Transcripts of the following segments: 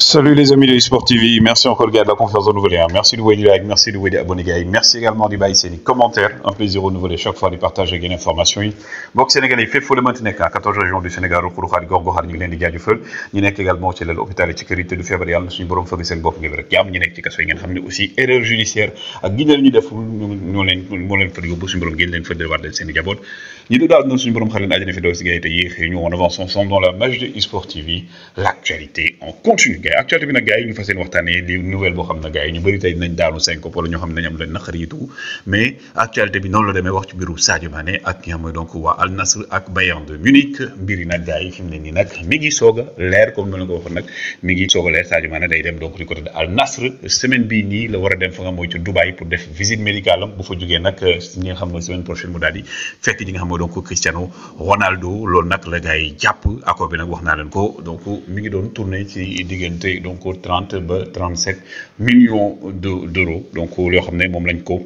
Salut les amis de eSport TV, merci encore gars de la confiance renouvelée. Hein. Merci de vous aider like, merci de vous aider abonner gars. Merci également de bailler les commentaires. Un plaisir au les chaque fois de partager des informations. Sénégal Sénégalais, fait fou le maintenir hein. 14 régions du Sénégal, au Kouroukhari, Gorgohar, nous l'avons dit du feu. Nous sommes également chez l'hôpital de sécurité de février, nous sommes borom feu sen bok ngi rek yam ñi nek ci kasso yi xamni aussi erreur judiciaire ak guindal ñu def ñu leen mo leen fa yobbu suñu borom gën nous fa del war del seen jabot ñi du dal non suñu borom xalen aljana fi do ci gay te yi ñu on avance ensemble dans la match de eSport TV l'actualité en continu gars yi actualité bi nag gars yi ñu fas yéene waxtaanee di nouvelle boo xam ne gars yi ñu bëri tey dinañ daanu syncope wala noonu la demee wax ci mbiru Sadio ak ngi soog a leer ko waxoon nag mi ngi soog a leer Sadio Mané day donc du côté la war a pour def visite médicale bu fa jógee nag ñi euh, nga semaine prochaine mu daal di fekk ñi nga xam donc Cristiano Ronaldo loolu nag la gars jàpp accord bi nag wax naa leen ko donc mi ngi doon tourné ci diggéen diggante donc 30 ba 37 millions de d'euros donc euh, loo xam ne moom lañ ko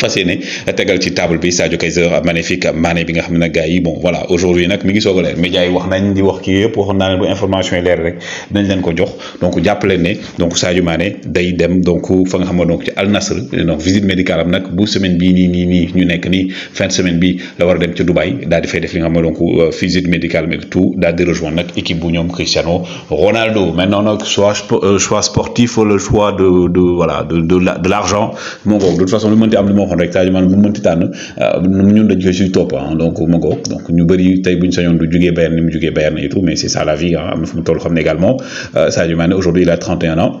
fasiyene yéene tegal ci table bi Sadio Kaiser magnifique Mané bi nga xamné gaay yi bon voilà aujourd'hui nak mi ngi soog a yi wax nañ di wax ki yépp waxoon naa bu information yi leer rek dinañ leen ko jox donc jappalé né donc Sadio Mané day dem donc fa nga xamné donc ci Al Nassr donc visite médicale am nag bu semaine bi, ni ni ni ñu nekk ni fin de semaine bi la wara dem ci Dubaï dal di fay def li nga xamné donc euh, visite médicale mais tout dal di rejoindre nak équipe bu ñom Cristiano Ronaldo maintenant nak choix choix euh, sportif le choix de de voilà de de l'argent mon boobu de toute façon lu mënti am on rek Sadio Mané bu mënti tànn euh, ñun dañ koy suy topp ah, donc ma donc ñu bari tay buñ sañon du jugee Bayern ni mu Bayern et tout mais c'est ça la vie ah, am na fu mu toll xamné également euh, Sadio Mané aujourd'hui il a 31 ans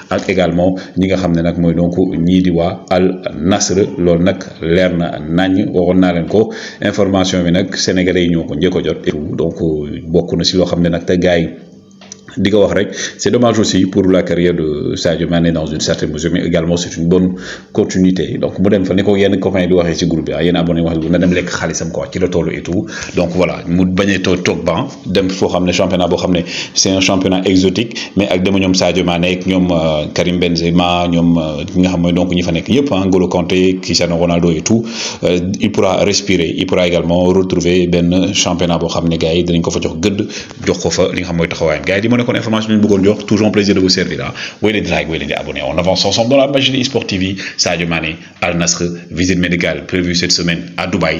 ak également ñi nga xam ne nag mooy donc ñii di waa Al Nasr loolu nag leer na nañ waxoon naa leen ko information bi nag sénégalais yi ñoo ko njëkk a jot et donc bokk na si loo xam ne nag te gars yi di wax rek c'est dommage aussi pour la carrière de Sadio Mané dans une certaine mesure mais également c'est une bonne continuité donc mu dem fa ni ko yenn copains di waxee ci groupe bi ah yenn abonné wax na dem lekk xaalisam quoi ci la tollu et tout donc voilà mu bañ a toog ban dem foo championnat boo c'est un championnat exotique mais ak dama ñoom Sadio Mané ak euh, Karim Benzema ñoom ñi euh, nga xam mooy donc ñi fa nekk hein, Kanté Cristiano Ronaldo et tout euh, il pourra respirer il pourra également retrouver Ben championnat boo xam ne gars yi dinañ ko fa jox gëdd jox ko fa nga xam mooy taxawaayam nekkoon information bi ñu bëggoon toujours plaisir de vous servir à hein. leen like leen on avance ensemble dans la magie de sport TV Sadio Mané Al Nasr visite médicale prévue cette semaine à Dubaï